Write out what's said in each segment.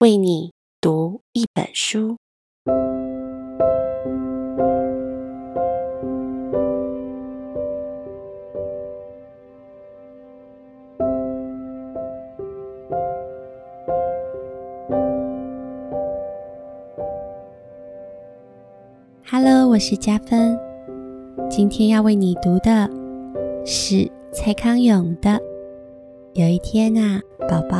為你讀一本書。哈嘍，我是家芬，今天要為你讀的是蔡康永的《有一天啊，寶寶》。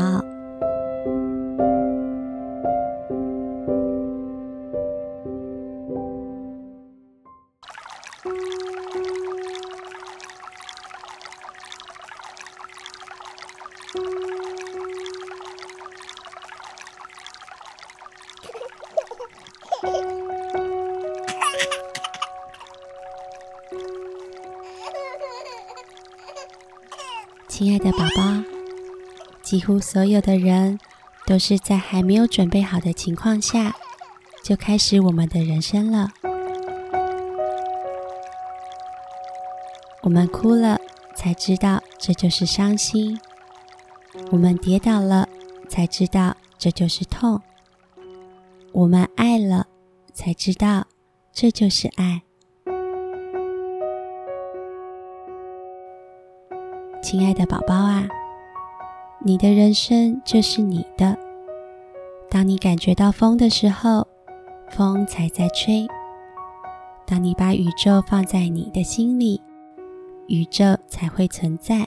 親愛的寶寶，幾乎所有的人都是在還沒有準備好的情況下，就開始我們的人生了。我們哭了，才知道這就是傷心。我們跌倒了，才知道這就是痛；我們愛了，才知道這就是愛。親愛的寶寶啊，你的人生就是你的。當你感覺到風的時候，風才在吹；當你把宇宙放在你的心裡，宇宙才會存在。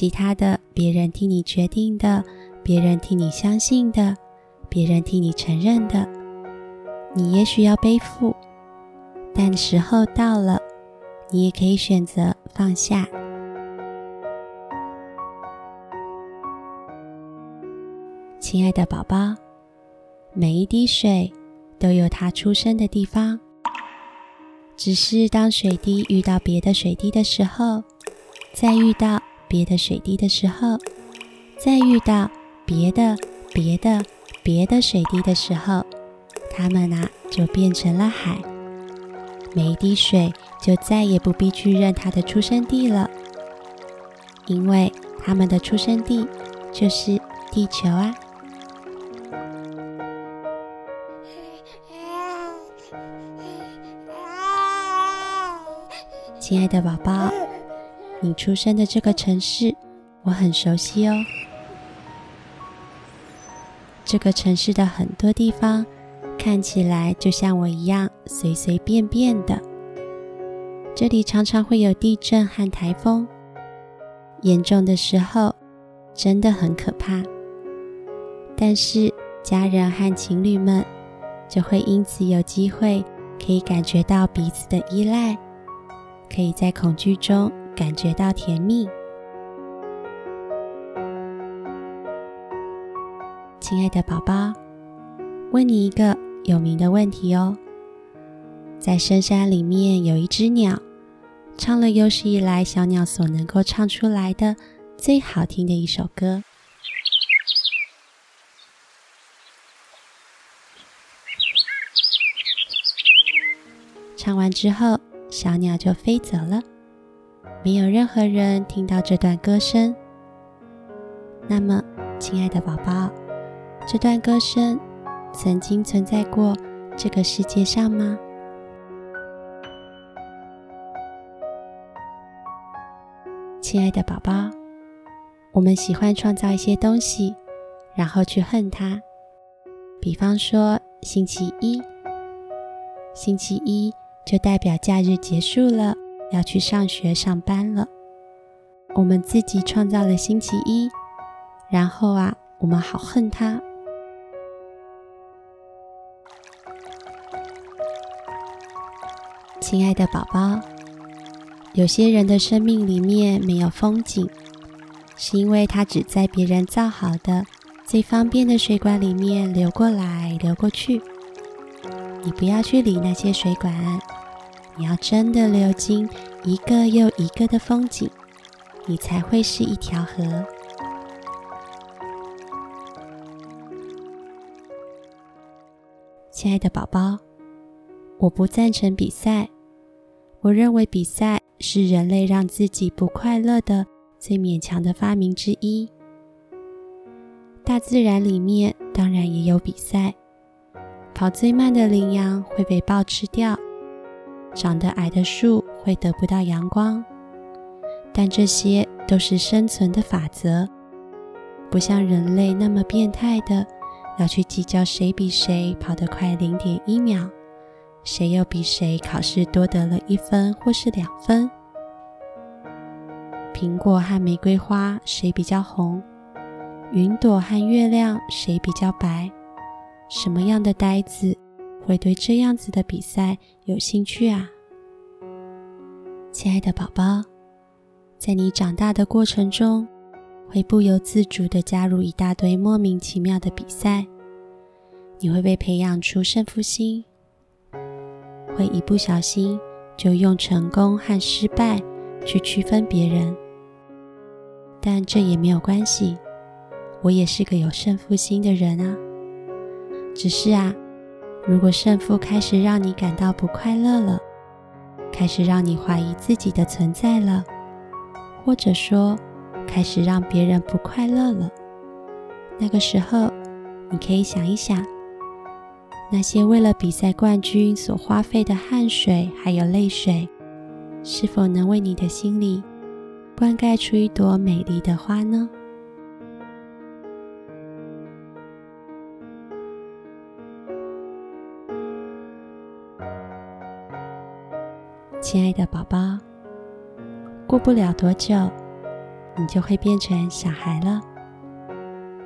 其他的，別人替你決定的，別人替你相信的，別人替你承認的，你也許要背負，但時候到了，你也可以選擇放下。親愛的寶寶，每一滴水都有它出生的地方，只是當水滴遇到別的水滴的時候，再遇到。別的水滴的時候，再遇到別的別的別的水滴的時候，它們啊就變成了海。每一滴水就再也不必去認它的出生地了，因為它們的出生地就是地球啊。親愛的寶寶。你出生的這個城市，我很熟悉哦。這個城市的很多地方看起來就像我一樣隨隨便便的。這裡常常會有地震和台風，嚴重的時候真的很可怕。但是家人和情侶們就會因此有機會可以感覺到彼此的依賴，可以在恐懼中。感覺到甜蜜。親愛的寶寶，問你一個有名的問題哦。在深山裡面，有一隻鳥唱了有史以來小鳥所能夠唱出來的最好聽的一首歌。唱完之後，小鳥就飛走了。沒有任何人聽到這段歌聲，那麼，親愛的寶寶，這段歌聲曾經存在過這個世界上嗎？親愛的寶寶，我們喜歡創造一些東西，然後去恨它。比方說，星期一，星期一就代表假日結束了。要去上學上班了，我們自己創造了星期一，然後啊，我們好恨他。親愛的寶寶，有些人的生命裡面沒有風景，是因為他只在別人造好的最方便的水管裡面流過來流過去，你不要去理那些水管。你要真的流經一個又一個的風景，你才會是一條河。親愛的寶寶，我不贊成比賽。我認為比賽是人類讓自己不快樂的最勉強的發明之一。大自然裡面當然也有比賽，跑最慢的羚羊會被豹吃掉。長得矮的樹會得不到陽光，但這些都是生存的法則。不像人類那麼變態的，要去計較誰比誰跑得快零點一秒，誰又比誰考試多得了一分或是兩分。蘋果和玫瑰花誰比較紅？雲朵和月亮誰比較白？什麼樣的呆子，會對這樣子的比賽有興趣啊，親愛的寶寶，在你長大的過程中，會不由自主地加入一大堆莫名其妙的比賽，你會被培養出勝負心，會一不小心就用成功和失敗去區分別人。但這也沒有關係，我也是個有勝負心的人啊，只是啊。如果勝負開始讓你感到不快樂了，開始讓你懷疑自己的存在了，或者說開始讓別人不快樂了，那個時候，你可以想一想，那些為了比賽冠軍所花費的汗水還有淚水，是否能為你的心裡灌溉出一朵美麗的花呢？親愛的寶寶，過不了多久，你就會變成小孩了。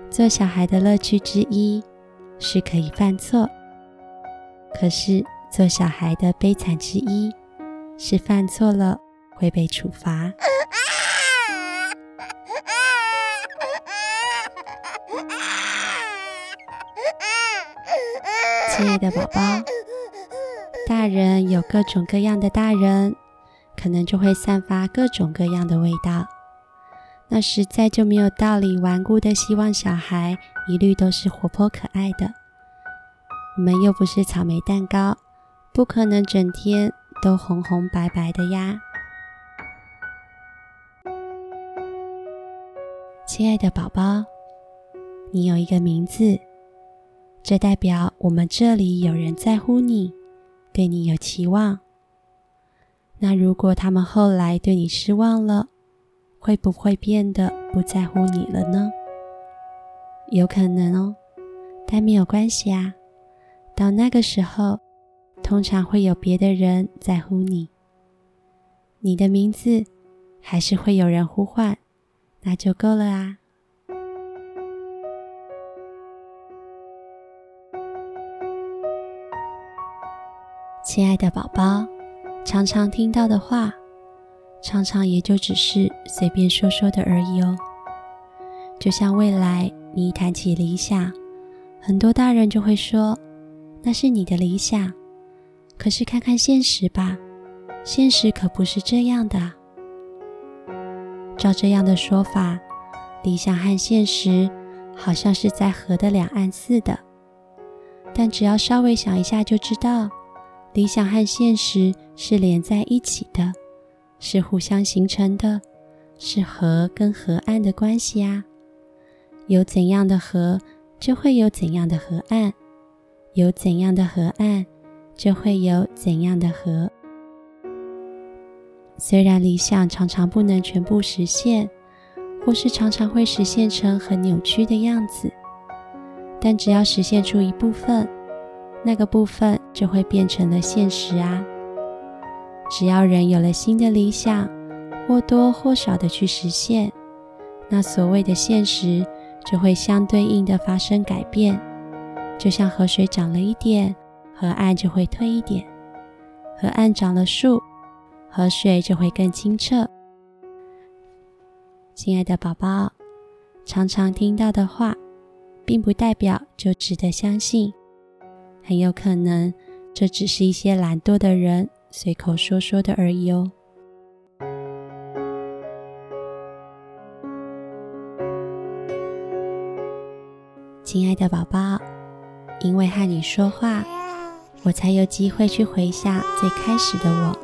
做小孩的樂趣之一是可以犯錯，可是做小孩的悲慘之一是犯錯了會被處罰。親愛的寶寶。大人有各種各樣的大人，可能就會散發各種各樣的味道。那實在就沒有道理頑固的希望小孩一律都是活潑可愛的。我們又不是草莓蛋糕，不可能整天都紅紅白白的呀。親愛的寶寶，你有一個名字，這代表我們這裡有人在乎你。對你有期望，那如果他們後來對你失望了，會不會變得不在乎你了呢？有可能哦，但沒有關係啊。到那個時候，通常會有別的人在乎你。你的名字還是會有人呼喚，那就夠了啊。親愛的寶寶，常常聽到的話，常常也就只是隨便說說的而已哦。就像未來，你一談起理想，很多大人就會說，那是你的理想，可是看看現實吧，現實可不是這樣的。照這樣的說法，理想和現實好像是在河的兩岸似的，但只要稍微想一下就知道。理想和現實是連在一起的，是互相形成的，是河跟河岸的關係啊。有怎樣的河，就會有怎樣的河岸；有怎樣的河岸，就會有怎樣的河。雖然理想常常不能全部實現，或是常常會實現成很扭曲的樣子，但只要實現出一部分，那個部分就會變成了現實啊！只要人有了新的理想，或多或少的去實現，那所謂的現實就會相對應的發生改變。就像河水漲了一點，河岸就會退一點；河岸長了樹，河水就會更清澈。親愛的寶寶，常常聽到的話，並不代表就值得相信。很有可能，這只是一些懶惰的人隨口說說的而已哦。親愛的寶寶，因為和你說話，我才有機會去回想最開始的我。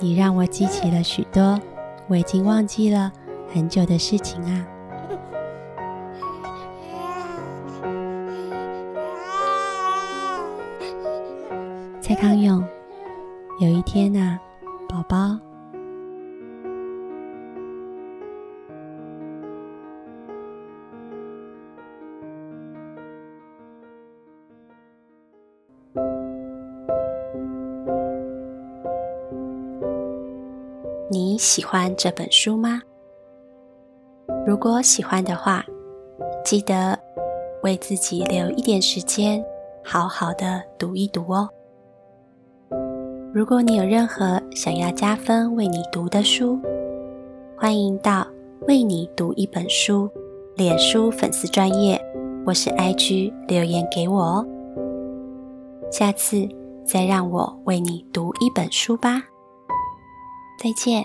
你讓我記起了許多我已經忘記了很久的事情啊。蔡康永，有一天啊，寶寶，你喜歡這本書嗎？如果喜歡的話，記得為自己留一點時間，好好的讀一讀哦。如果你有任何想要家芬為你讀的書，歡迎到為你讀一本書臉書粉絲專頁，或是 IG 留言給我哦。下次再讓我為你讀一本書吧，再見。